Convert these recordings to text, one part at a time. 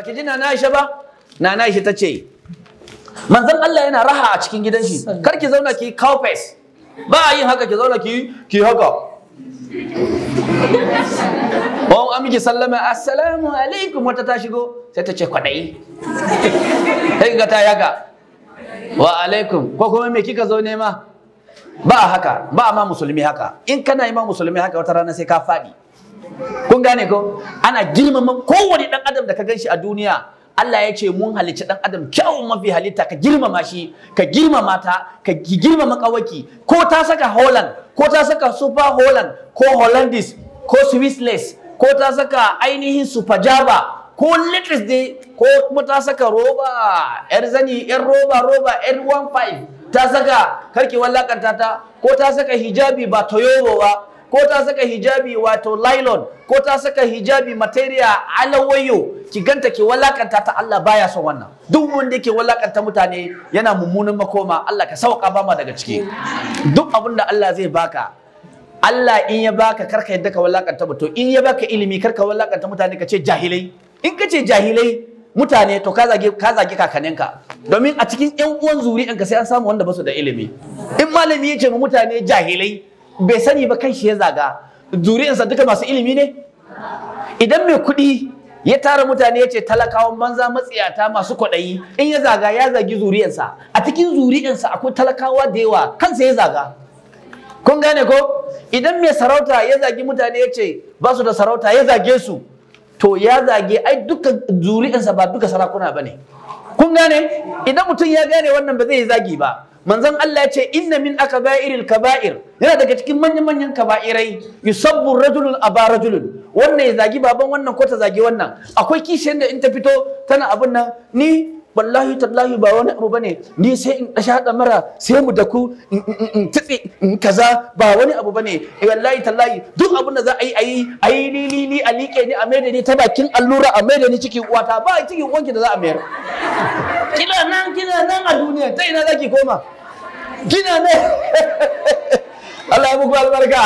ki ji nana Aisha ba nana Aisha ta ce manzon Allah yana raha a cikin gidan shi kar ki zauna ki cow face ba yin haka ki zauna ki ki haka Bawan amiki sallama assalamu alaikum wata ta shigo sai ta ce kwadayi sai ga ta yaga wa alaikum ko kuma me kika zo nema ba haka ba ma musulmi haka in kana yi ma musulmi haka wata rana sai ka faɗi kun gane ko ana girmama kowane dan adam da ka ganshi a duniya Allah ya ce mun halicci dan adam kyawun mafi halitta ka girmama shi ka girmama ta ka girmama kawaki ko ta saka Holland ko ta saka Super Holland ko Hollandis ko Swissless ko ta saka ainihin Super Java ko Litris dai ko kuma ta saka roba yar zani yar roba roba yar 15 ta saka karki wallakanta ta ko ta saka hijabi ba toyobo ba ko ta saka hijabi wato lilon. ko ta saka hijabi material alawayo ki ganta ki walakanta ta Allah baya son wannan duk wanda yake walakanta mutane yana mummunan makoma Allah ka sauka ba ma daga ciki duk abin da Allah zai baka Allah in ya baka karka yadda ka walakanta mutum in ya baka ilimi karka walakanta mutane ka ce jahilai in ka ce jahilai mutane to ka zage ka zage kakanninka domin a cikin yan uwan zuri'anka sai an samu wanda ba su da ilimi in malami ya ce mu mutane jahilai bai sani ba kan shi ya zaga zuriyarsa duka masu ilimi ne idan mai kuɗi ya tara mutane ya ce talakawan banza matsiyata masu kwaɗayi in ya zaga ya zagi zuriyarsa a cikin zuriyarsa akwai talakawa da yawa kansa ya zaga kun gane ko idan mai sarauta ya zagi mutane ya ce ba su da sarauta ya zage su to ya zage ai duka zuri'insa ba duka sarakuna ba ne kun gane idan mutum ya gane wannan ba zai yi zagi ba manzon Allah ya ce inna min akaba'iril kaba'ir yana daga cikin manyan manyan kaba'irai yusabbu rajulun aba rajulun wannan ya zagi baban wannan ko ta zagi wannan akwai kishiyar da in ta fito tana abun nan ni wallahi tallahi ba wani abu bane ni sai in dasha mara sai mu daku in tsitsi in kaza ba wani abu bane eh, wallahi tallahi duk abin da za a yi a yi ni lili ni a liƙe ni a maida ni ta bakin allura a maida ni cikin uwata ba cikin wanki da za a mayar kina nan kina nan a duniya ta ina zaki koma kina nan Allah ya muku albarka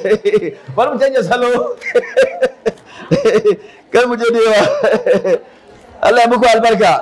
bari mu canja salo kar mu je da yawa अल्लाह मुको अलबरका